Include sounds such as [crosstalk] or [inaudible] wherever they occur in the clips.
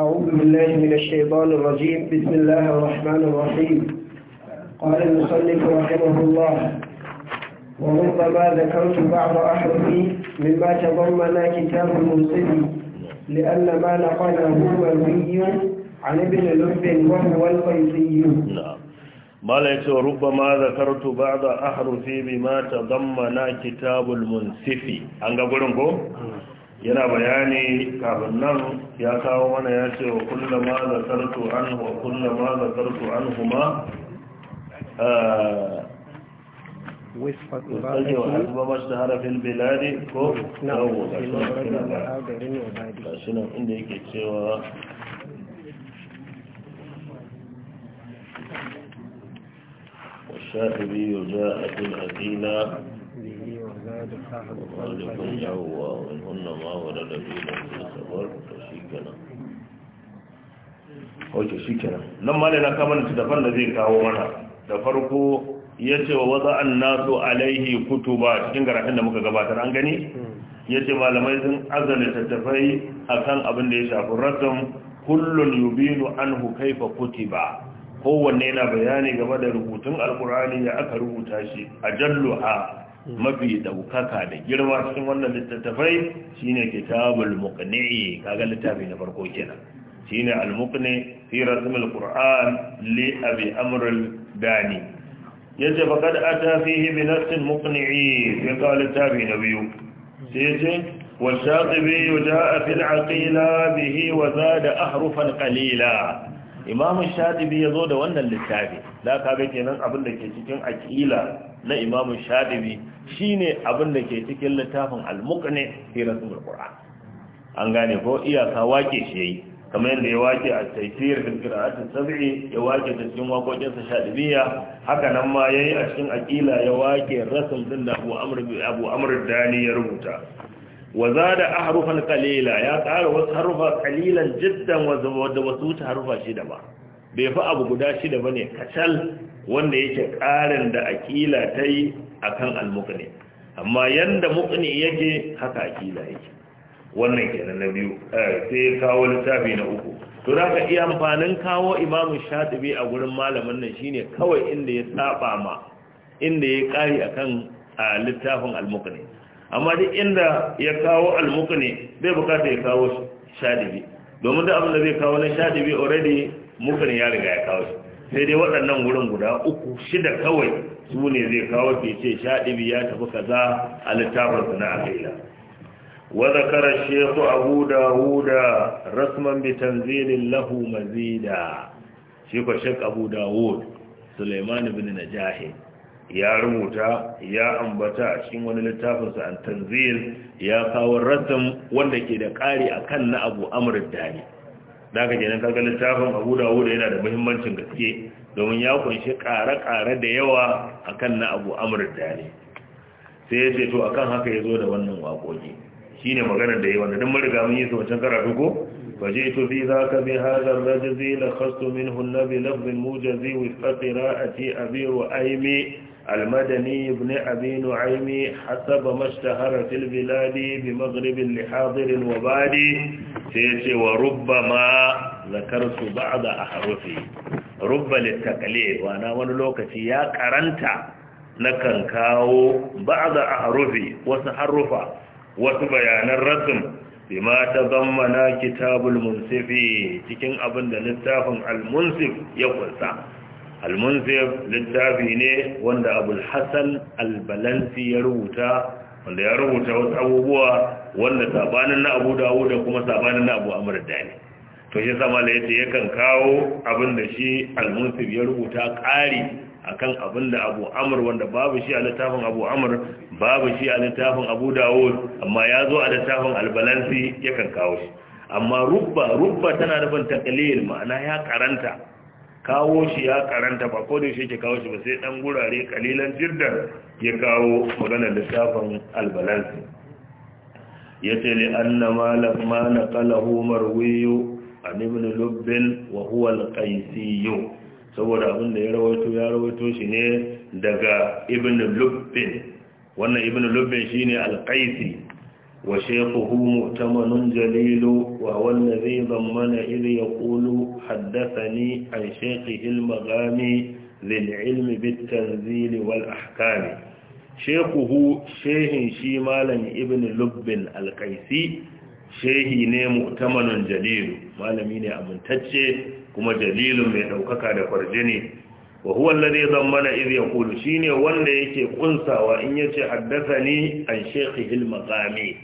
أعوذ بالله من الشيطان الرجيم بسم الله الرحمن الرحيم قال المصنف رحمه الله وربما ذكرت بعض أحرفي مما تضمن كتاب المنصفي لأن ما نقله مروي عن ابن لب وهو نعم مالك ربما ذكرت بعض أحرفي بما تضمن كتاب المنصف أنقى yana bayani kafin nan ya kawo mana ya ce wa kullama zakartu anhu wa kullama zakartu anhu ma da بارك وحسب ما اشتهر في البلاد كو نعم شنو عندي كيتشوا والشافعي جاء في الأدينة walikun yawwa wani da biyu shi nan ma na kama da daban da zai kawo mana da farko ya ce wa waza an naso alaihi kutu ba cikin garafin da muka gabatar an gani ya ce malamai sun azali tattafai a kan abin da ya shafi rassam kullum yubinu an hukaifa ba. kowanne yana bayani game da rubutun alkurani ya aka rubuta shi a jalluha mafi daukaka da girma cikin wannan littattafai shine kitabul muqni kaga littafi na farko kenan shine al muqni fi rasmil qur'an li abi amr al dani yace faqad ata fihi bi nafs al muqni fi qala tabi nabiyyu sai yace wal shaqibi jaa fi al aqila bihi wa zada ahrufan qalila imam shadibi yazo da wannan littafi da kaga kenan abin da ke cikin aqila na imam shadibi shi ne abinda ke cikin littafin al-muqni fi rasul qur'an an gane ko iyaka wake shi yayi kamar yadda ya wake a taifiyar kirkira'atun sab'i ya wake ta cikin waƙoƙinsa shaɗibiya haka nan ma ya yi a cikin aƙila ya wake rasul din da abu amur dani ya rubuta wa za da a harufan kalila ya ƙara wasu harufa kalilan jiddan wadda wasu wuce harufa shida ba bai fi abu guda shida ba ne kacal wanda yake ƙarin da aƙila ta yi akan al-muqni amma yanda muqni yake haka akila yake wannan kenan na biyu eh, sai kawo littafi na uku to da ka iya amfanin kawo imamu shatibi a gurin malamin nan shine kawai inda ya saba ma inda ya kari akan littafin al-muqni amma duk inda ya kawo al-muqni zai bukata ya kawo shatibi domin da abin da zai kawo na shatibi already muqni ya riga ya kawo shi sai dai waɗannan wurin guda uku shida kawai su ne zai kawo ke ce sha'ibi ya tafi kaza a littafin na akaila wadda kara shekwa abu da wuda rasman bitan zirin lahu mazida shekwa shek abu da suleiman ibn najahi ya rubuta ya ambata a cikin wani littafinsa an tanzil ya kawo rassan wanda ke da ƙari a kan na abu amurin dani daga jinin kaga littafin abu da yana da muhimmancin gaske domin ya kunshi ƙare-ƙare da yawa akan na abu amur dare sai ya ce to akan haka ya zo da wannan waƙoƙi shi ne maganar da yawa da don mariga mun yi su karatu ko faje to fi za ka bi hazar rajazi la khastu min hunna bi lafzin mujazi wa fatira'ati abi ru'aimi المدني بن أبي نعيم حسب ما اشتهر في wa بمغرب ma zakar su وربما da a أحرفي Rubbalin taqlid wana wani lokaci ya karanta na kan kawo a harufi wasu harufa wasu bayanan rasm bima tazammana kitabul munsifi cikin abin da littafin al-munsif ya kunsa al-munsif littafi ne wanda Abulhassan al-balansi ya rubuta wanda ya rubuta wasu abubuwa wanda sabanin na abu dawo da kuma sabanin na abu amurda ne to shi sama da yace yakan kawo abin da shi al ya rubuta ƙari akan abin da abu amur wanda babu shi a littafin abu amur babu shi a littafin abu dawud amma ya zo a littafin albalansi yakan kawo shi amma rubba rubba tana nufin takalil ma'ana ya karanta kawo shi ya karanta ba ko da shi yake kawo shi ba sai dan gurare kalilan jirdan ya kawo maganar littafin albalansi yace li anna ma lam ma naqalahu marwiyu an ibn lubbin wa huwa al-qaisiyyu saboda abin da ya rawaito ya rawaito shi ne daga ibn lubbin wannan ibn lubbin shine al-qaisi wa shaykhuhu mu'tamanun jalilu wa huwa alladhi dhammana idh yaqulu haddathani an shaykhi al-maghami lil ilmi bit tanzil wal ahkam shaykhuhu shaykhin shi malam ibn lubbin al-qaisi shehi ne mu'tamanun jalilu malami ne amintacce kuma jalilun mai daukaka da kwarjini wa huwa alladhi dhammana idh yaqulu shine wanda yake kunsawa in yace haddathani an shaykhihi al-maqami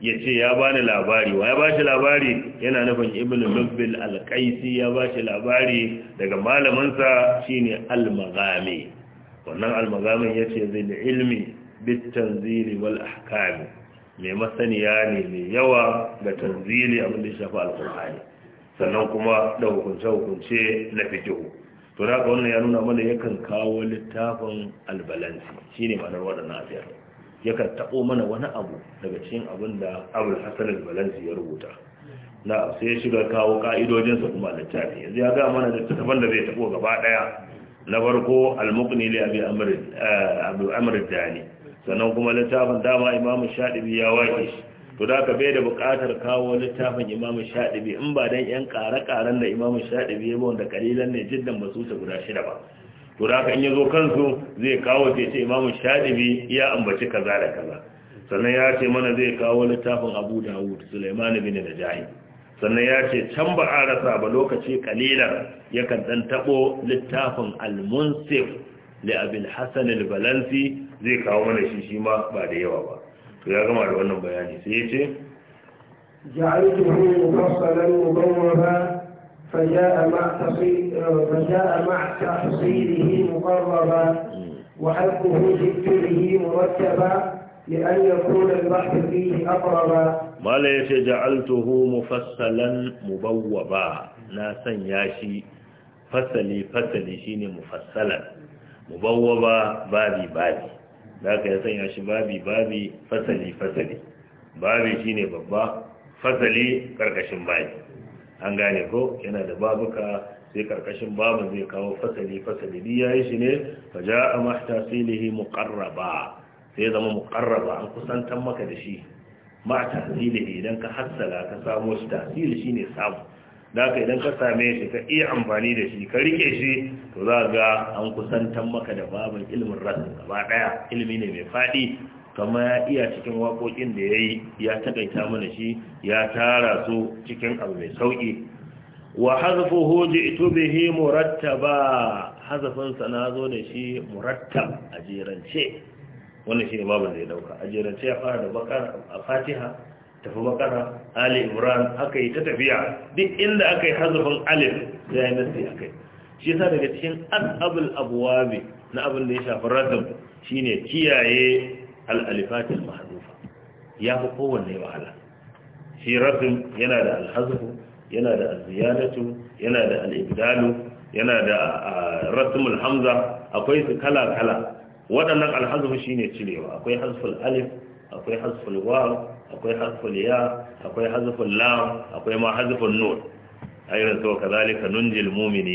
yace ya bani labari wa ya bashi labari yana nufin ibnu mubbil al-qaisi ya bashi labari daga malamin sa shine al-maqami wannan al-maqami yace zai ilmi bit tanzili wal ahkami mai masaniya ne mai yawa ga tanzili abin da ya shafi alkur'ani sannan kuma da hukunce-hukunce na fito. to da wannan ya nuna mana yakan kawo littafin albalansi shine ma'anar waɗannan asiyar yakan taɓo mana wani abu daga cikin abin da abul hasan albalansi ya rubuta na sai ya shiga kawo ka'idojinsa kuma littafi yanzu ya ga mana littafin da zai taɓo gaba ɗaya na farko almukni li abi amr eh, amr dani sannan kuma littafin dama imamu shaɗibi ya wake shi to da ka bai da buƙatar kawo littafin imamu shaɗibi in ba dan yan ƙare-ƙaren da imamu shaɗibi ya wanda kalilan ne jiddan ba su ta guda shida ba to da ka in ya zo kansu zai kawo ce ce imamu shaɗibi ya ambaci kaza da kaza sannan ya ce mana zai kawo littafin abu dawud suleiman bin najahi sannan ya ce can ba a rasa ba lokaci kalilan yakan ɗan taɓo littafin al-munsif لأبي الحسن البلنسي زي كاومنا شيشيما بعد يوابا يا جماعة وانا بياني سيتي جعلته مفصلا مضربا فجاء مع فجاء مع تحصيله مقربا وحبه جئت مرتبا لأن يكون البحث فيه أقربا ما ليس جعلته مفصلا مبوبا ناسا ياشي فصلي فصلي شيني مفصلا mubawwaba babi babi da aka ya sanya shi babi babi fasali fasali babi shine babba fasali karkashin babi an gane ko yana da babuka sai karkashin babu zai kawo fasali fasali di yayi shi ne fa jaa mahtafilihi muqarraba sai zama muqarraba an kusantar maka da shi ma silihi idan ka hassala ka samu shi tasiri shine samu da ka idan ka same shi ka iya amfani da shi ka rike shi to za ga an kusantan maka da babin ilimin rasu gaba daya ilimi ne mai faɗi. kama ya iya cikin waƙoƙin da ya yi ya takaita mana shi ya tara su cikin abu mai sauƙi wa hazafu hoji ito bihi murattaba hazafinsa na zo da shi murattab a jerance wannan shi ne babin da ya dauka a jerance ya fara da bakar a fatiha tafi bakara ali imran aka yi ta tafiya duk inda aka yi hazafin alif ya yi nasi a kai shi yasa daga cikin abuwa ne na abin da ya shafi shi ne kiyaye al'alifatin mahdufa ya fi kowanne wahala shi rasim yana da alhazafu yana da ziyadatu yana da al'ibdalu yana da rasimul hamza akwai su kala kala waɗannan alhazafu ne cirewa akwai hazufin alif akwai hazufin wa akwai hazful ya akwai hazful lam akwai ma hazful nur a irin so kazalika nunjil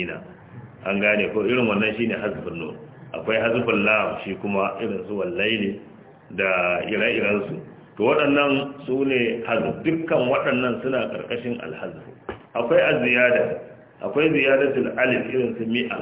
na. an gane ko irin wannan shi ne hazful nur akwai hazful lam shi kuma irin su wallaili da ire-iren su to waɗannan su ne hazf dukkan waɗannan suna ƙarƙashin alhazf akwai aziyada akwai ziyadatul alif irin su mi'a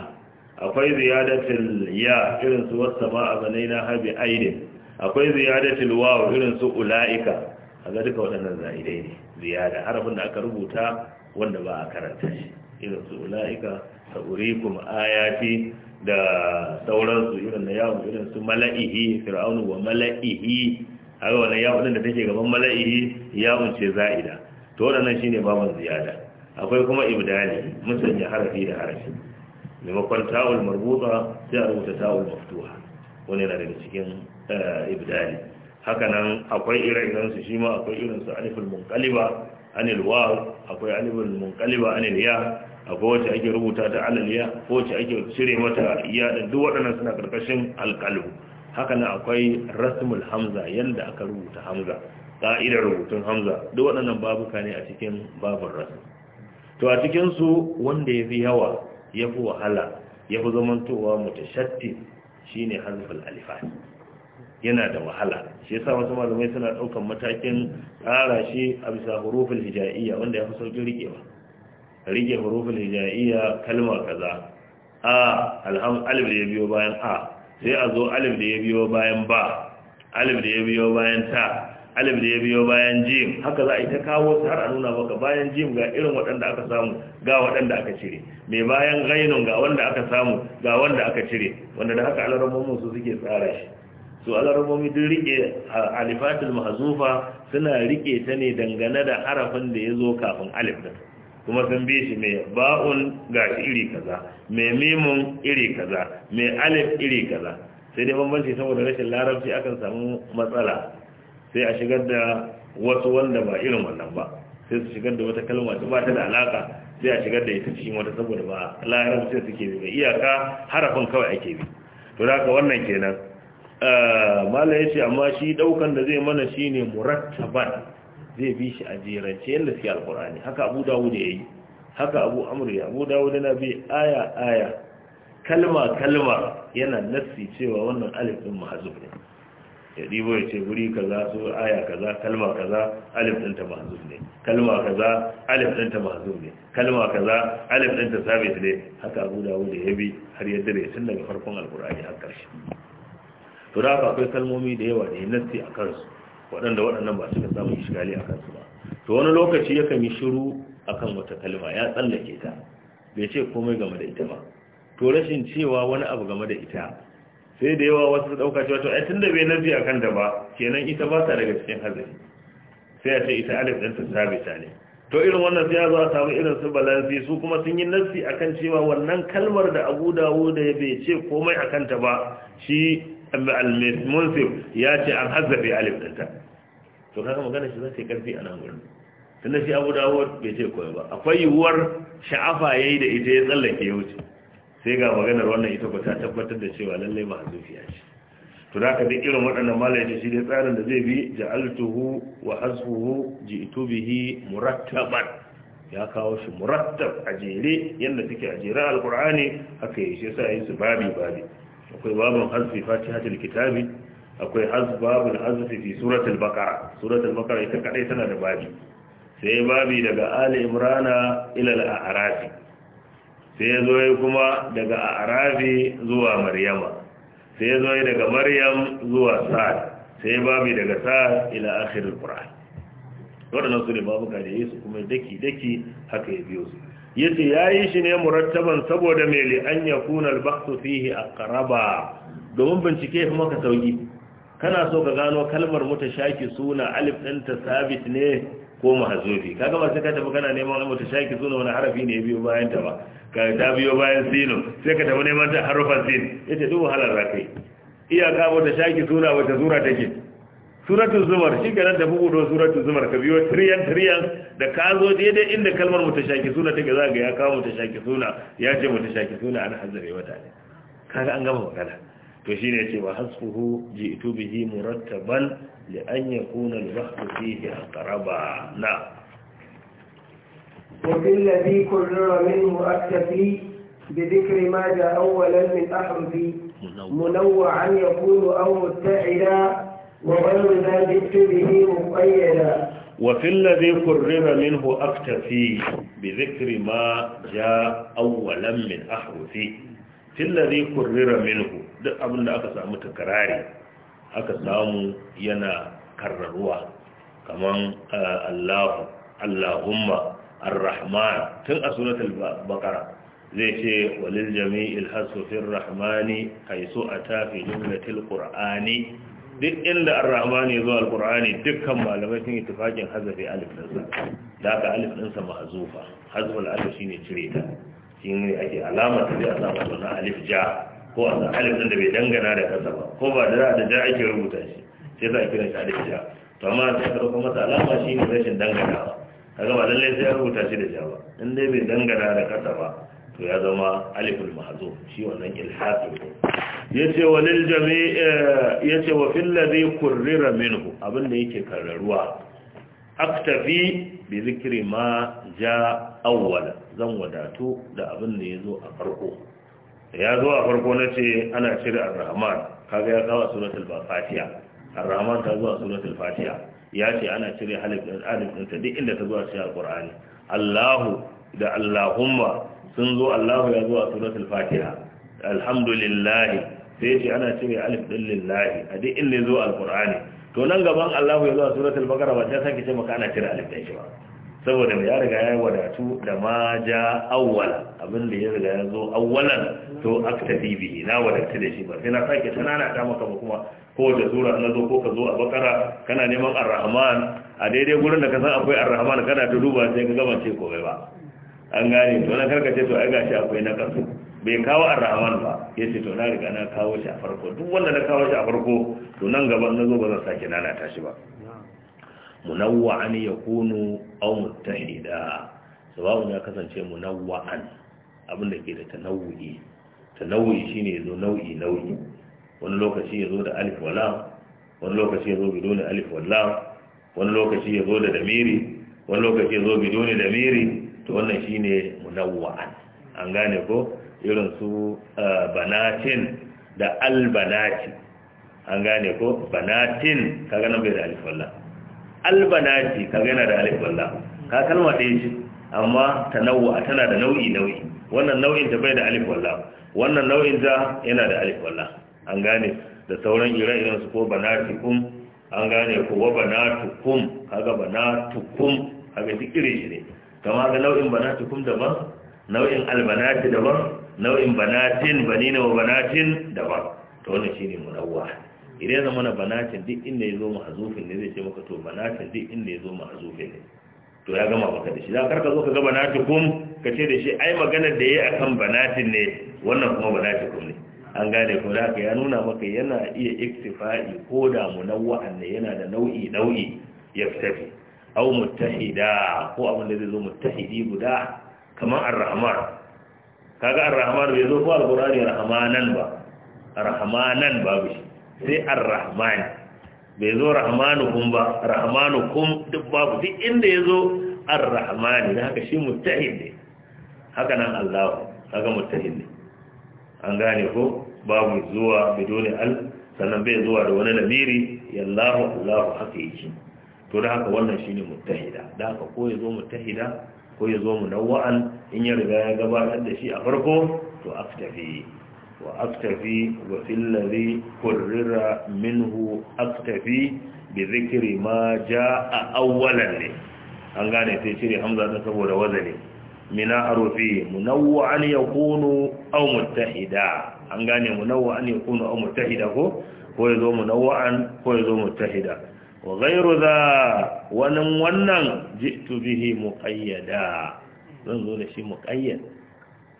akwai ziyadatul ya irin su wasu wasama a na habi aidin akwai ziyadatul waw irin su ula'ika a ga duka waɗannan za'idai ne ziyada harafin da aka rubuta wanda ba a karanta shi irin su ula'ika ta urikum ayati da sauransu irin na yawon irin su mala'ihi fir'aunu wa mala'ihi haka wani yawon da take gaban mala'ihi yawon ce za'ida to waɗannan shine baban ziyara. akwai kuma ibdali musanya harafi da harafi maimakon ta'ul marbuta sai a rubuta ta'ul maftuha wani yana daga cikin eh, ibdali hakanan akwai ire-iren su shi ma akwai irin su alifin munqaliba anil waw akwai alifin munqaliba anil ya akwai wacce ake rubuta ta alal ya ko wacce ake cire mata ya da duk waɗannan suna karkashin alqalb hakanan akwai rasmul hamza yanda aka rubuta hamza ka'idar rubutun hamza duk waɗannan babuka ne a cikin babun rasu to a cikinsu wanda ya fi yawa ya fi wahala ya fi zamantowa mutashattif shine hazful alifat yana da wahala shi yasa wasu malamai suna ɗaukan matakin tsara shi a bisa hurufin hija'iyya wanda ya fi sauƙin riƙewa rike hurufin hija'iyya kalma kaza a alham alif da ya biyo bayan a sai a zo alif da ya biyo bayan ba alif da ya biyo bayan ta alif da ya biyo bayan jim haka za a yi ta kawo su har a nuna maka bayan jim ga irin waɗanda aka samu ga waɗanda aka cire mai bayan gainun ga wanda aka samu ga wanda aka cire wanda da haka alarabban su suke tsara shi su alarmomi duk rike alifatul mahzufa suna rike ta ne dangane da harafin da ya zo kafin alif da kuma sun bi shi mai ba'un ga iri kaza mai mimun iri kaza mai alif iri kaza sai dai bambanci saboda rashin larabci akan samu matsala sai a shigar da wasu wanda ba irin wannan ba sai su shigar da wata kalma da ba ta da alaka sai a shigar da ita cikin wata saboda ba larabci suke bi iyaka harafin kawai ake bi to da haka wannan kenan Eh, malam ya ce amma shi daukan da zai mana shi ne murattaban zai bi shi a jerance yadda suke alkur'ani haka abu dawud ya yi haka abu amri abu dawud na bi aya aya kalma kalma yana nassi cewa wannan alif din mahzuf ne ya dibo ya ce guri kaza su aya kaza kalma kaza alif din ta ne kalma kaza alif din ta ne kalma kaza alif din ta sabit ne haka abu dawud ya bi har ya dare tun daga farkon alkur'ani har karshe to da haka akwai kalmomi da yawa da ya a kansu waɗanda waɗannan ba ka samun ishgali a kansu ba to wani lokaci yakan yi shiru akan wata kalma ya tsallake ta bai ce komai game da ita ba to rashin cewa wani abu game da ita sai da yawa wasu su ɗauka cewa to ai tun da bai nazi a kanta ba kenan ita ba ta daga cikin hazari sai a ce ita alif ɗin ta sabita ne to irin wannan sai ya zo a samu irin su balansi su kuma sun yi a akan cewa wannan kalmar da abu dawo da ya bai ce komai a kanta ba shi al-munsif ya ce an hazzabe alif ta. to kaga magana shi zai karfi a nan gurin tunda shi abu dawud bai ce koyo ba akwai yiwuwar sha'afa yayi da ita ya tsallake ya sai ga maganar wannan ita ba ta tabbatar da cewa lallai ba hazufiya ce to da ka bi irin waɗannan malaye shi dai tsarin da zai bi ja'altuhu wa hasbuhu ji'tu bihi murattaban ya kawo shi murattab a jere yadda suke a jere alqur'ani haka yi shi yasa su babi babi akwai babun hazfi fatihatul kitabi akwai babin babun hazfi fi suratul baqara suratul baqara ita kadai tana da babi sai babi daga ali imrana ila al-a'rafi sai ya zo kuma daga a'rafi zuwa maryama sai ya zo daga maryam zuwa sa'ad sai babi daga sa'ad ila akhir al-qur'an wannan su ne babuka da yesu kuma daki daki haka ya biyo su yace yayi shi ne murattaban saboda me li an yakuna al-bahth fihi aqraba domin bincike kuma ka sauki kana so ka gano kalmar mutashaki suna alif din ta sabit ne ko mahzufi kaga ba sai ka tafi kana neman mutashaki suna wani harafi ne biyo bayan ta ba ka da biyo bayan sinu. sai ka tafi neman ta harufan sin yace duk wahalar zakai iyaka mutashaki suna wata zura take suratul zumar shi kenan da bugu da suratul zumar ka biyo triyan triyan da ka zo daidai inda kalmar mutashaki suna take za ga ya kawo mutashaki suna ya ce mutashaki suna an hazare wata ne kaga an gama magana to shine yace wa hasfuhu ji'tu bihi murattaban li an yakuna al-bahth fihi aqraba na وفي الذي كرر منه أكتفي بذكر ما جاء أولا من أحرف منوعا يكون أو متعدا وغير ذا جئت به مقيدا وفي الذي كرر منه أكتفي بذكر ما جاء أولا من أحرفي في الذي كرر منه duk abin da aka samu takarari aka samu yana karraruwa kaman Allahu Allahumma ar tun a suratul Baqara zai ce walil jami'il hasu fir rahmani haisu a tafi jumlatil qur'ani duk inda ar-rahman ya zo al-qur'ani dukkan malamai sun yi tufakin hazafi alif din sa da ka alif din sa mahzufa al alif shine cire ta Shin ne ake alama ta da alama ta na alif ja ko an alif din da bai dangana da kasa ba ko ba da da ja ake rubuta shi sai za a kira shi alif ja to amma da ka rubuta masa alama shine rashin danganawa kaga ba lallai sai ya rubuta shi da ja ba in dai bai dangana da kasa ba to ya zama alifin mahzuf shi wannan ilhaqi yace walil jami' eh, yace wa fil ladhi kurrira minhu abinda yake karraruwa aktafi bi zikri ma ja awwala zan wadatu da abin da yazo a farko ya zo a farko nace ana cire ar kaga ya kawo suratul fatiha ar ta zo a suratul fatiha ya ce ana cire halif alif din ta duk inda ta zo a cikin alqur'ani Allahu da Allahumma sun zo Allahu ya zo a suratul Fatiha alhamdulillah sai shi ana cire alif din lillahi a duk inda zo alqur'ani to nan gaban Allahu ya zo a suratul Baqara ba ta sake ce maka ana cire alif din shi ba saboda ya riga ya wadatu da ma ja awwala abin da ya riga ya zo awwalan to aktafi bihi na wadatu da shi ba sai na sake tunana ta maka ba kuma ko da sura na zo ko ka zo a bakara kana neman arrahman a daidai gurin da ka san akwai arrahman kana ta duba sai ka gabance komai ba an gane to na karkace to ai gashi akwai na kasu bai kawo arrahman ba yace to na riga na kawo shi a farko duk wanda na kawo shi a farko to nan gaban na zo ba zan sake lalata shi ba munawwa'an yakunu aw mutahida sabawun ya kasance munawwa'an abin da ke da tanawwi tanawwi shine yazo nau'i nau'i wani lokaci yazo da alif wala wani lokaci yazo bidon alif wala wani lokaci yazo da damiri wani lokaci yazo bidon damiri to wannan shine munawwa'an an gane ko irin su eh, banatin da albanati an gane ko banatin kaga nan bai da alif wallah albanati kaga yana da alif wallah ka kalma ɗaya ce amma tanawwa tana da nau'i nau'i wannan nau'in ta bai da alif wallah wannan nau'in ta yana da alif wallah an gane da sauran ire-iren su ko banatikum an gane ko wa banatukum kaga banatukum kaga duk shi ne kama ga nau'in banatukum daban nau'in albanati daban nau'in banatin banina wa banatin daban to wannan shine munawwa idan zama na banatin duk inda ya zo mahazufin ne zai ce maka to banatin duk inda ya zo mahazufin ne to ya gama maka da shi za ka zo ka ga kum ka ce da shi ai magana da yayi akan banatin ne wannan kuma kum ne an gane ko da ya nuna maka yana iya iktifa'i ko da munawwa'an ne yana da nau'i nau'i ya au mutahida ko abin da zai zo mutahidi guda kamar ar-rahman kaga ar-rahman bai zo ko al-qur'ani rahmanan ba rahmanan babu shi sai ar-rahman bai zo rahmanukum ba rahmanukum duk babu duk inda yazo ar-rahman da haka shi muttahid ne haka nan Allah haka muttahid ne an gane ko babu zuwa bidone al sannan bai zuwa da wani lamiri yallahu Allahu haka to da haka wannan shine muttahida da haka ko ya zo muttahida ko ya zo munawwa'an in ya riga ya gabatar da shi a farko to aftafi wa aftafi wa fil ladhi qurrira minhu aftafi bi dhikri ma jaa awwalan ne an gane sai cire hamza ta saboda wazani mina arufi munawwa'an yakunu aw muttahida an gane munawwa'an yakunu aw muttahida ko ko ya zo munawwa'an ko ya zo muttahida wa gairu za wannan wannan ji'tu bihi kayyada zan zo da shi kayyada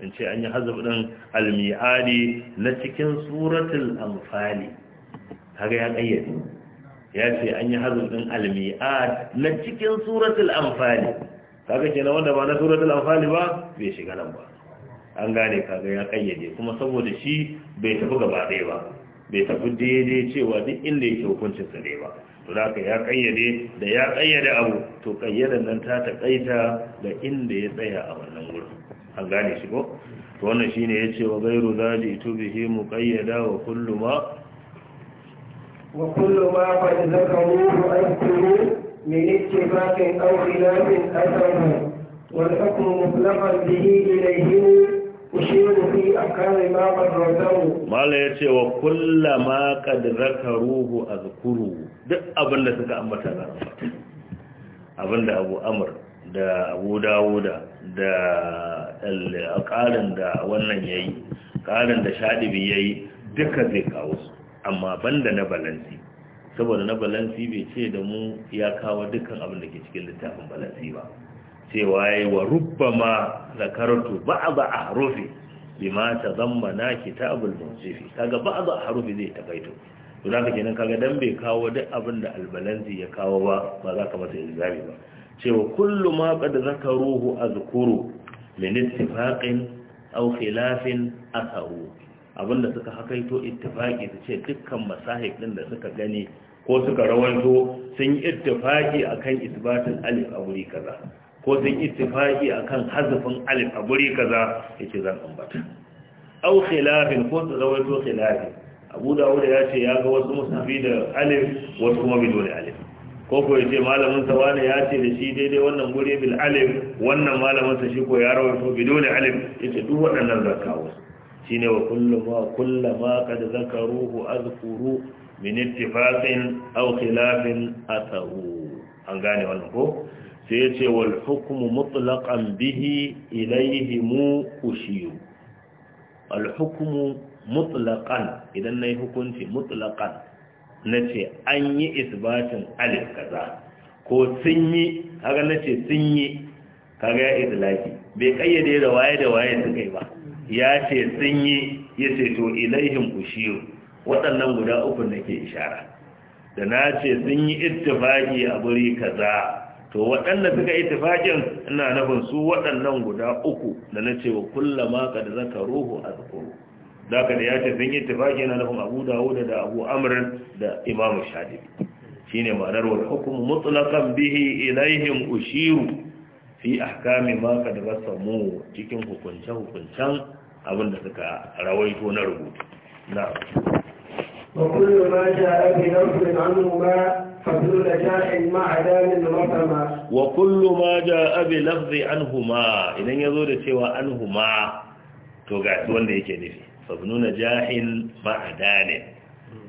in ce an yi hazab ɗin almi'adi na cikin suratul amfali kaga ya kayyade ya ce an yi hazab ɗin almi'ad na cikin suratul anfali kaga na wanda ba na suratul amfali ba bai shiga nan ba an gane kaga ya kayyade kuma saboda shi bai tafi gaba ɗaya ba bai tafi daidai cewa duk inda yake hukuncin sa ba to da ka ya kayyade da ya kayyade abu to kayyadan nan ta kaita da inda ya tsaya a wannan wurin an gane shi ko to wannan shine yace wa ghairu zalitu bihi muqayyada wa kullu ma wa kullu ma qad zakaruhu aykuru min ittifaqin aw khilafin wani wal hukmu mutlaqan bihi ilayhi mala ya ce wa kulla ma kadraka ruhu a zukuru duk abinda suka ambata na abinda abu amur da abu dawuda da ƙarin da wannan ya yi ƙarin da shaɗibi ya yi duka zai kawo su amma banda na balansi saboda na balansi bai ce da mu ya kawo dukkan abin da ke cikin littafin balansi ba cewa yi wa Rubba ma rubbama zakartu ba'd ahrufi bima tazammana kitabul munsifi kaga a harufi zai takaito to zaka kenan kaga dan bai kawo duk abin da albalanzi ya kawo ba ba za ka masa ilzami ba cewa kullum ma qad zakaruhu azkuru min ittifaqin aw khilafin abinda suka hakaito ittifaqi su ce dukkan masahib din da suka gani ko suka rawanto sun yi ittifaqi akan isbatul alif a wuri kaza ko sun ittifaqi akan hazafin alif a guri kaza yace zan ambata aw khilafin ko su rawaito khilafi abu dawud ya ce ya ga wasu musafi da alif wasu kuma bidon alif ko ko yace malamin sa wani ya ce da shi daidai wannan guri bil alif wannan malamin sa shi ko ya rawaito bidon alif yace duk waɗannan zakawo shine wa kullama kullama kad zakaruhu azkuru min ittifaqin aw khilafin atharu an gane wannan ko sai ya ce wal hukumu mutlaƙan bihi ilayhi mu ushiyu al hukumu mutlaƙan idan nayi hukunci na nace an yi isbatin alif kaza ko sun yi na ce sun yi kaga ya idlaki bai kayyade da waye da waye suka kai ba ya ce sun yi ya ce to ilaihim ushiyu waɗannan guda uku nake ishara da na ce sun yi ittifaki a guri kaza to waɗanda suka yi tufaƙin ina nufin su waɗannan guda uku da na cewa zaka kad a azkuru da ka da ya ce sun yi tufaƙi ina nufin Abu Dawud da Abu Amr da Imam Shadibi shine ma'anar wal hukmu mutlaqan bihi ilaihim ushiru fi ahkami da kad mu cikin hukunce hukuncen abin da suka rawaito na rubutu na وكل ما جاء na عنه ما فكل جاء مع دام رفما وكل ما جاء بلفظ عنهما إذن يزول سوى عنهما توقع سوان ديك نفي فابن نجاح مع دان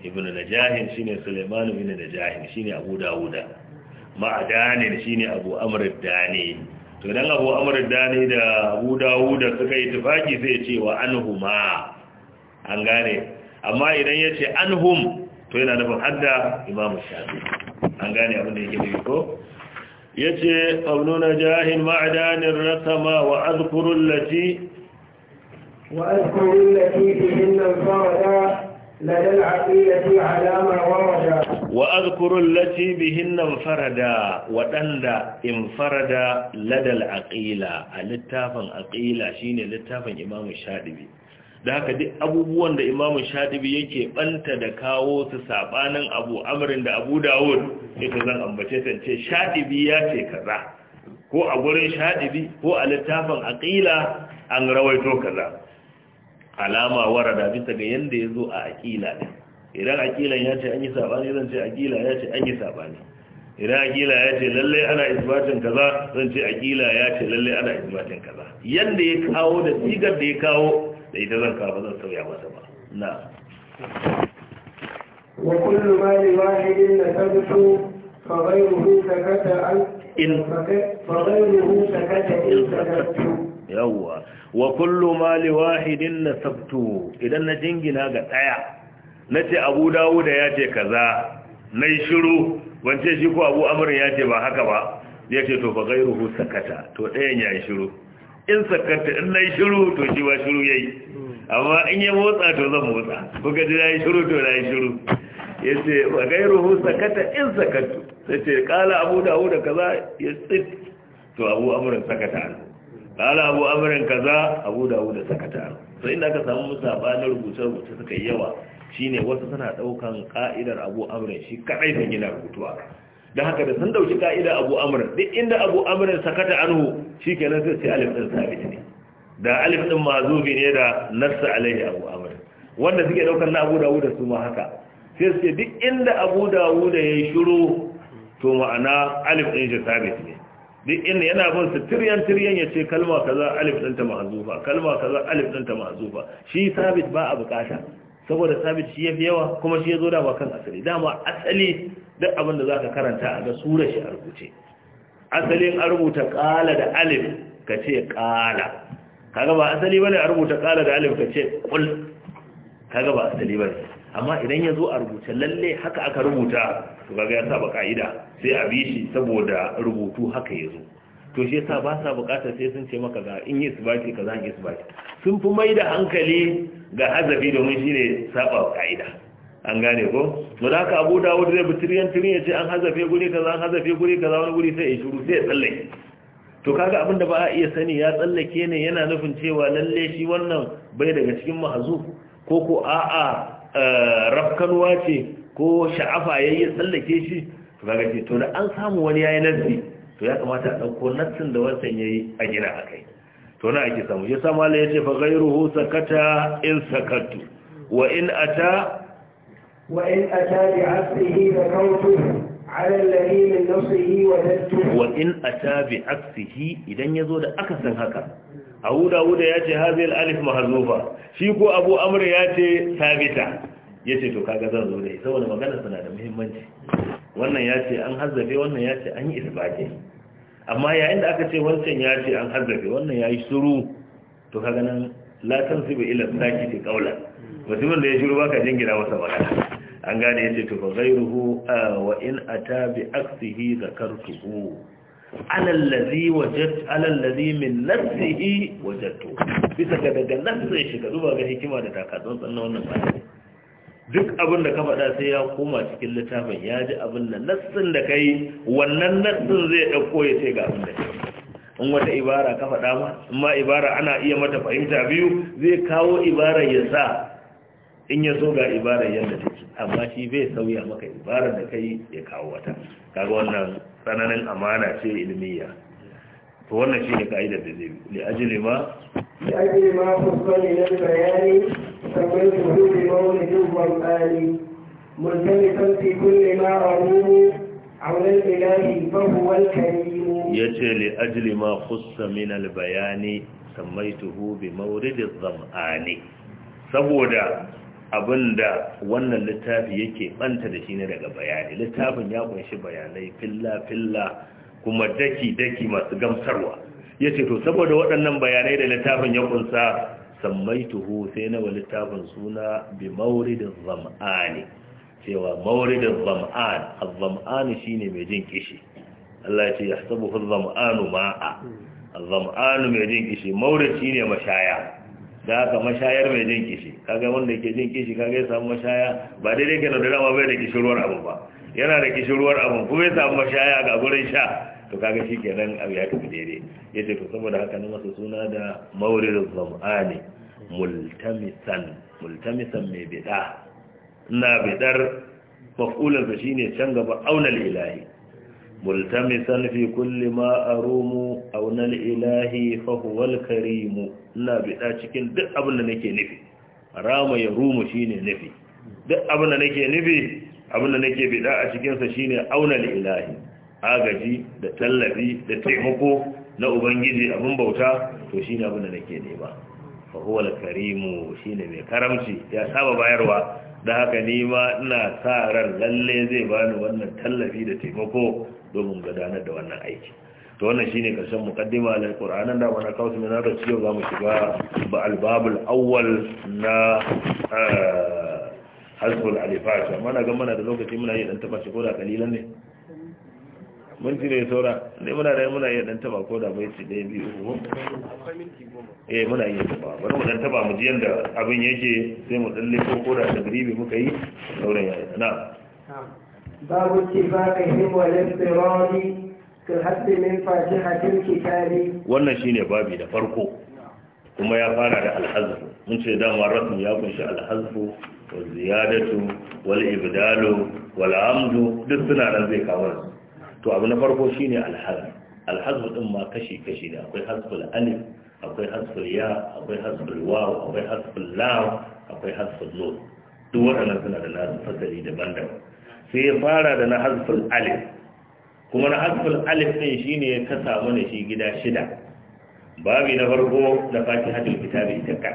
ابن نجاح شين سليمان ابن نجاح شين أبو داود مع دان شين أبو أمر الداني to dan abu amur dani da abu dawu da suka yi tufaki sai ce wa anhuma an gane amma idan ya ce anhum to yana nufin hadda imamu shafi an gane abin da yake nufi ko yace qawlu najahin ma'danin rasama wa azkuru allati wa azkuru allati bihinna farada Wa العقيدة على ما ورد وأذكر التي بهن انفردا ladal انفردا a littafin الاتفا shine littafin الاتفا إمام da haka duk abubuwan da imamu shadibi yake banta da kawo su sabanin abu amrin da abu dawud ya zan ambace sance shadibi ya ce kaza ko a gurin shadibi ko a littafin aqila an rawaito kaza alama warada bisa ga yanda zo a aqila ne idan aqilan ya ce an yi sabani zan ce aqila ya ce an yi sabani idan aqila ya ce lallai ana isbatin kaza zan ce aqila ya ce lallai ana isbatin kaza yanda ya kawo da sigar da ya kawo da ita zan kawo zan sauya masa ba na wa kullu li wahidin la tabtu fa ghayruhu sakata an in fa ghayruhu sakata in sakatu yawwa wa kullu li wahidin tabtu idan na jingina ga daya nace abu dawuda ya ce kaza nai shiru wance shi ko abu amr ya ce ba haka ba ya ce to fa ghayruhu sakata to dayan ya shiru in sakanta in na yi shiru to shi ba shiru ya yi amma in ya motsa to zan motsa kuka ji na yi shiru to na yi shiru ya ce ba hu sakata in sakatu. sai ce kala abu da abu da kaza ya tsit to abu amurin sakata an kala abu amurin kaza abu da abu da sakata an sai inda aka samu sabanin rubuce-rubuce suka yi yawa shine wasu suna daukan ka'idar abu amurin shi kadai da gina rubutuwa da haka da sun dauki ka'ida abu amr duk inda abu amr sakata anhu shikenan sai sai alif ɗin sabit ne da alif ɗin mazubi ne da nassa alaihi abu amr wanda suke daukar na abu dawud su ma haka sai suke duk inda abu dawud yayi shiru to ma'ana alif ɗin shi sabit ne duk inda yana bin su tiryan tiryan ya ce kalma kaza alif din ta mahzufa kalma kaza alif din ta mahzufa shi sabit ba a bukata saboda sabit shi ya fi yawa kuma shi ya zo da ba kan asali dama asali duk abin da za ka karanta a ga sura shi a rubuce asalin a rubuta ƙala da alif ka ce ƙala Ka gaba asali bane a rubuta ƙala da alif ka ce kul Ka gaba asali bane amma idan ya zo a rubuce lalle haka aka rubuta to kaga ya saba ka'ida sai a bi shi saboda rubutu haka ya zo to shi yasa ba sa bukatar sai sun ce maka ga in yi isbati kaza in yi isbati sun fi mai da hankali ga hazafi domin shi ne saba ka'ida an gane ko to haka abu dawud zai bitiriyan tirin ya ce an hazafe guri kaza an hazafe guri kaza wani guri sai ya shuru sai ya tsalle to kaga abin da ba a iya sani ya tsallake ne yana nufin cewa lalle shi wannan bai daga cikin mahazu ko ko a'a eh, rafkanuwa ce ko sha'afa yayin tsallake shi to kaga ce to da an samu wani yayi nazari to ya kamata a dauko nassin da wancan yayi a gina akai to na ake samu ya sama ya yace fa ghayruhu sakata in sakattu wa in ata وإن أتى بعفه ذكرته على الذي من نصه وجدته وإن أتى بعفه إذا يزود أكثر هكا أبو داود يأتي هذه الألف مهزوفة شيكو أبو أمر يأتي ثابتة yace to kaga zan zo dai saboda magana suna da muhimmanci wannan yace an hazzafe wannan yace an yi isbaki amma yayin da aka ce wancan yace an hazzafe wannan yayi shiru to kaga nan la tansibu ila sakiti qawlan mutumin da ya shiru baka jingira masa magana an gane yace to fa ghayruhu ah, wa in ata bi aksihi zakartuhu ala allazi wajad min nafsihi wajadtu bisa ga daga nafsin shi ga duba ga hikima da takatsun sannan wannan bayani duk abin da ka faɗa sai ya koma cikin littafin ya ji abin da nassin da kai wannan nassin zai ɗauko ya ce ga abin da in wata ibara ka faɗa ma in ma ibara ana iya mata fahimta biyu zai kawo ibara ya sa in ya zo ga ibarar yadda take amma shi bai sauya maka ibarar da kai ya kawo wata kaga wannan tsananin amana ce ilmiya to wannan shi ne ka'idar da zai li ajli ma li ajli ma kusani na bayani sabai su hudu duk mawulidin wam'ani multamisan fi kulle ma a a wani ilahi fahuwal karimu ya ce li ajli ma kusa min albayani sammaituhu bi mawridin zam'ani saboda Abin da wannan littafi yake banta da shi ne daga bayani littafin ya kunshi bayanai filla-filla kuma daki-daki masu gamsarwa ya ce to saboda waɗannan bayanai da littafin ya kunsa tuhu sai na littafin suna bi mauridin zam'ani cewa mauridin zam'an zam'ani shi ne mai jin kishi Allah ce ya sabu zam'anu ma'a hmm. zam'anu mai jin kishi maurid shi ne mashaya da aka mashayar mai jin kishi kaga wanda ke jin kishi kaga ya samu mashaya ba daidai ke da dama bai da kishirwar abu ba yana da kishirwar abu kuma bai samu mashaya ga gurin sha to kaga shi ke nan abu ya tafi daidai ya ce to saboda haka na masa suna da maurin zam'ani multamisan multamisan mai bida ina bidar mafulansa shine can gaba aunal ilahi multamisan fi kulli ma arumu aw nal ilahi fa huwa al karim ina bida cikin duk abin da nake nufi rama ya rumu shine nufi duk abin da nake nufi abin da nake bida a cikin sa shine aunal ilahi agaji da tallafi da taimako na ubangiji abin bauta to shine abin da nake nema fa huwa al karim shine mai karamci ya saba bayarwa da haka ni ma ina sa ran lalle zai bani wannan tallafi da taimako domin gudanar da wannan aiki to wannan shine karshen muqaddima lil qur'anin da wannan kawai mun da ciyo zamu shiga ba albabul awwal na eh, hasbul alifat amma na ga mana da lokaci muna yi dan taba shi ko da kalilan ne mun ji ne saura ne muna da muna iya dan taba ko da bai ci ɗaya biyu uku eh muna iya taba bari mu dan taba mu ji yanda abin yake sai mu dalle ko ko da tagribi muka yi saura ya yi na babu ittifaqihim wal istiradi ka hadde min fatihatil kitabi wannan shine babi da farko kuma ya fara da alhazf mun ce dan warasu ya kunshi alhazfu wa ziyadatu wal ibdalu wal amdu duk suna nan zai kawo su to abu na farko shine alhazf alhazf ɗin ma kashi kashi ne akwai hasful alif akwai hasful ya akwai hasful waw akwai hasful lam akwai hasful nun duk waɗannan suna da nasu fasali daban-daban sai ya fara da na hasful alif kuma na hasful alif shi shine ya kasa mana shi gida shida babi na farko na fatiha da kitabi ita Ka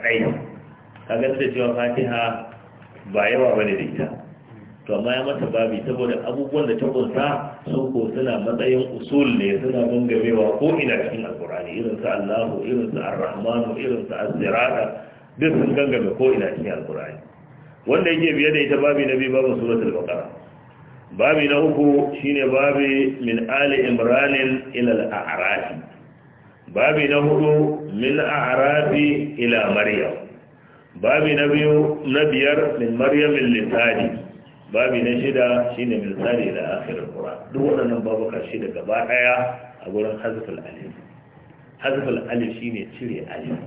kaga da cewa fatiha ba yawa bane da ita to ya mata babi saboda abubuwan da ta kunsa su ko suna matsayin usul ne suna gangamewa ko ina cikin alkur'ani irin su allahu irin su arrahmanu irin su azirada duk sun gangame ko ina cikin alkur'ani wanda yake biye da ita babi na biyu babu suratul baqara babi na uku shine babi min ali imranin ila al-a'rafi babi na hudu min a'rafi ila maryam babi na biyu na biyar min maryam lisani babi na shida shine misali da akhirul qur'an duk waɗannan babuka da gaba daya a gurin hazful alif hazful alif shine cire alif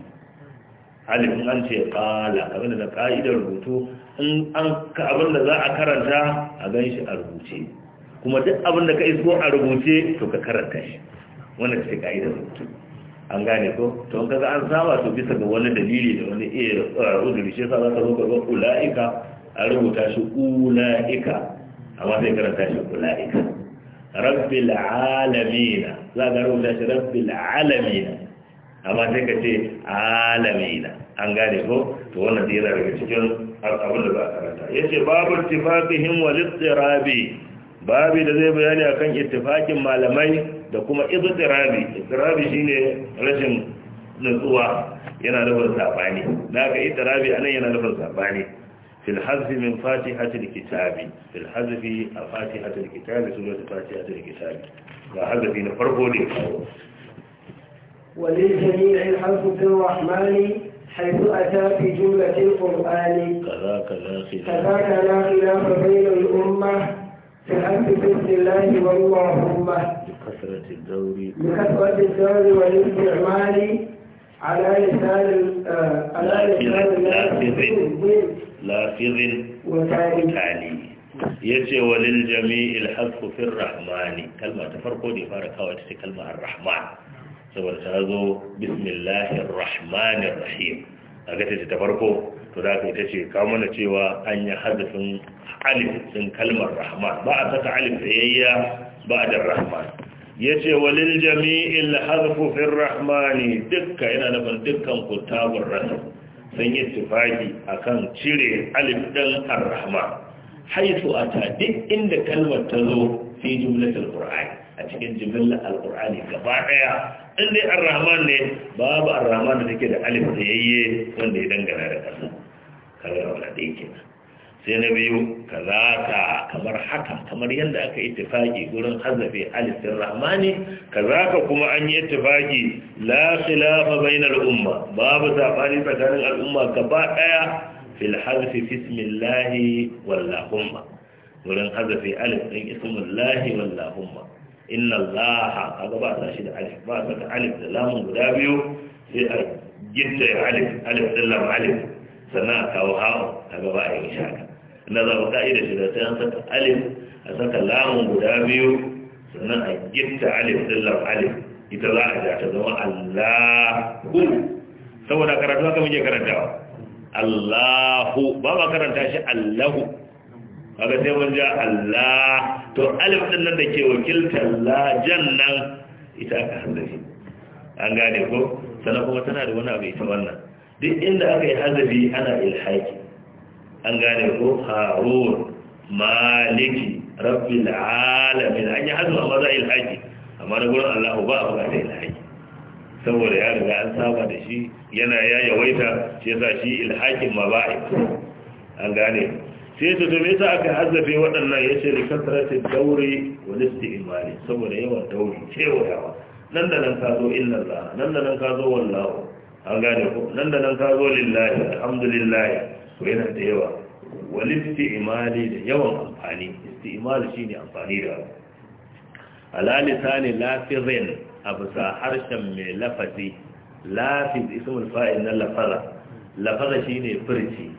alif an ce qala abin da ka'idar rubutu in an ka abin da za a karanta a gan shi a rubuce kuma duk abin da ka iso a rubuce to ka karanta shi wannan ce ka'idar rubutu an gane ko to an kaga an saba to bisa ga wani dalili da wani eh uzuri shi yasa za ka zo ka ga ulaika a rubuta shi ula'ika amma sai karanta shi ula'ika rabbil alamina za ka rubuta shi rabbil alamina amma sai ka ce alamina an gane ko to wannan zai daga cikin abin da za a karanta ya ce babu tifafihim wa littirabi babi da zai bayani akan ittifakin malamai da kuma istirabi istirabi shine rashin nutsuwa yana nufin sabani da aka yi a anan yana nufin sabani في الحذف من فاتحة الكتاب في الحذف فاتحة الكتاب سورة فاتحة الكتاب وهذا في نفرقه لي وللجميع الحمد الرحمن حيث أتى في جملة القرآن كذا كذا خلاف كذا لا خلاف بين الأمة في الحمد بسم الله واللهم لكثرة الدور لكثرة الدور والاستعمال على لسان آه، على لسان lafizin mutane ya ce walil jami'il haƙƙu fin rahmani kalmar ta farko da ya fara kawai ta ce kalma rahman saboda ta zo bismillahir rahmanir rahim a ga ce ta farko to da ka ita ce kawo mana cewa an yi hadafin alif sun kalmar rahman ba a saka alif tsayayya ba a dan rahman ya ce walil jami'il haƙƙu fin rahmani dukka yana nufin dukkan ku tabur rasu sun yi tufaki kan cire alif ɗin arrahma haitu a ta duk inda kalmar ta zo fi al qur'ani a cikin al alqur'ani gaba ɗaya. in dai ne babu arrahman da take da alif da yayye wanda ya dangana da kasa kaga wala dai kenan sai na biyu ka. kamar haka kamar yadda aka yi tufagi wurin hazafe alifin rahmani ka kuma an yi tufagi la khilafa bainal umma babu sabani tsakanin al'umma gaba daya fil hazfi bismillahi wallahumma Wurin hazafe alif din ismullahi wallahumma inna Laha kaga ba sa shi da alif ba sa da alif da lamun guda biyu sai a gitta alif alif din lam alif sannan a kawo hawo kaga ba a yi shaka na zaɓa ka'ida shi da sai an saka alif a saka lamun guda biyu sannan a gitta alif ɗin lam alif ita za a ja ta zama allahu saboda karatu haka muke wa, allahu ba ma karanta shi allahu kaga sai mun ja allah to alif ɗin nan da ke wakiltar la nan ita aka hallafi an gane ko sannan kuma tana da wani abu ita wannan duk inda aka yi hazafi ana ilhaki an gane ko harun maliki rabbil alamin an yi hazu a maza ilhaji amma da gudun allahu ba a buga ilhaji saboda ya riga an saba da shi yana ya yawaita shi yasa shi ilhakin maba'i an gane sai ta to me yasa aka hazzafe waɗannan yace li daure wa wal imani saboda yawan daure, cewa nan da nan ka zo illa Allah nan da nan ka zo wallahu an gane ko nan da nan ka zo lillahi alhamdulillahi to yana da yawa wani imali da yawan amfani isti'imali shi ne amfani da abu alalisa ne lafirin a bisa harshen mai lafazi lafiz ismul fa'il na lafaza lafaza shi ne furci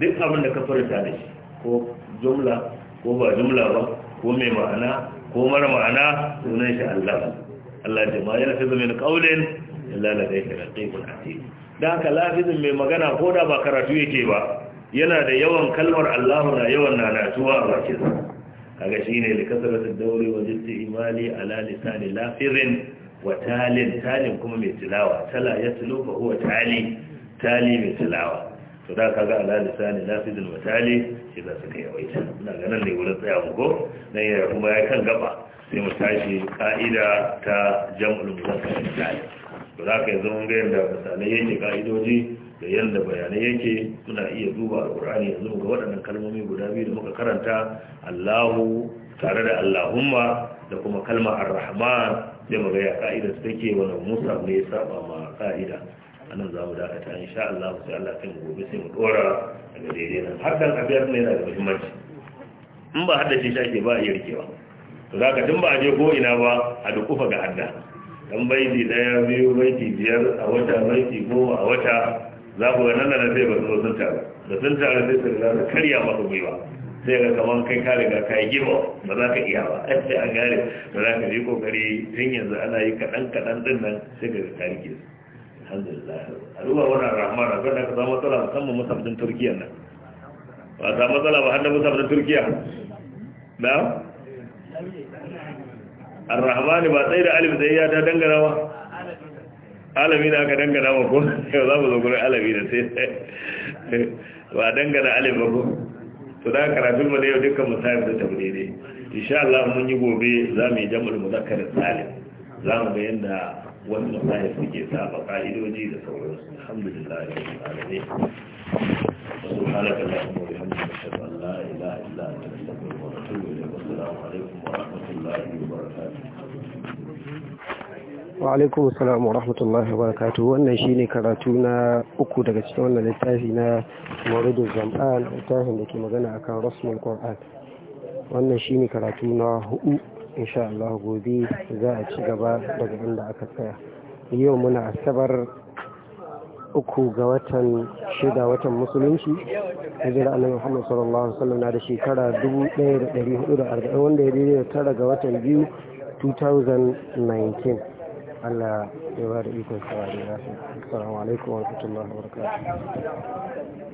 duk abin da ka furta da shi ko jumla ko ba jumla ba ko mai ma'ana ko mara ma'ana sunan shi allah allah jama'a yana lafi zama na ƙaunin lalata ya shi raƙi kun da haka lafizin mai magana ko da ba karatu yake ba yana da yawan kalmar Allahu na yawan nanatuwa a bakin kaga shine li kasratu dawri wa imali ala lisani lafirin wa talin talin kuma mai tilawa tala yatlu fa huwa tali tali mai tilawa to da kaga ala lisani lafizin wa tali shi za su kai yawaita ina ganin ne wurin tsaya mu ko dan ya kuma ya kan gaba sai mu tashi ka'ida ta jam'ul muzakkar tali to za ka yanzu mun ga yadda misalai yake ka'idoji da yadda bayanai yake muna iya duba alkur'ani yanzu ga waɗannan kalmomi guda biyu da muka karanta allahu tare da allahumma da kuma kalma arrahman da mu ga ya ka'ida su take wani musa ne ya saba ma ka'ida anan za mu dakata sha Allah sai Allah kan gobe sai mu dora daga daidai nan hakan abiyar ne yana da muhimmanci in ba haddace shi ake ba a iya rikewa to zaka tun ba a je ko ina ba a dukufa ga hadda dan baiti daya biyu baiti biyar a wata baiti goma a wata za ku ga nan da sai ba zo sun taru da sun taru sai su ga karya maka gwiwa sai ga kamar kai ka riga ka yi gima ba za ka iya ba [laughs] sai a gare ba za ka yi kokari tun yanzu ana yi kaɗan kaɗan din nan sai ka ka rike su alhamdulillah aluwa wannan rahman a kan da ka samu matsala musamman musabdin turkiya nan ba samu matsala ba har da musabdin turkiya na ar-rahmani ba tsaye da alif da ya ta dangana wa alami da aka dangana wa ko yau za mu zo gurin alami da sai ba dangana alif ba ko to da karatun mu da yau dukkan musayar da tabri ne insha Allah mun yi gobe za mu yi jam'ul muzakkar salim za mu ga yanda suke saba ka'idoji da sauransu alhamdulillah rabbil alamin سبحانك اللهم وبحمدك اشهد ان لا اله الا انت استغفرك واتوب اليك والسلام عليكم ورحمه الله wa alaikum salam wa rahmatullahi wa barakatu wannan ne karatu na uku daga cikin wannan littafi na mawridul zam'an littafin da ke magana a kan rasmul qur'an wannan shi ne karatu na hudu insha'Allah Allah gobe za a ci gaba daga inda aka tsaya yau muna asabar uku ga watan shida watan musulunci jira annabi Muhammad sallallahu alaihi wasallam na da shekara 1440 wanda ya daidai da tara ga watan biyu 2019 Allah ya ba da ikon ya rafi assalamu alaikum wa rahmatullahi wa barakatuh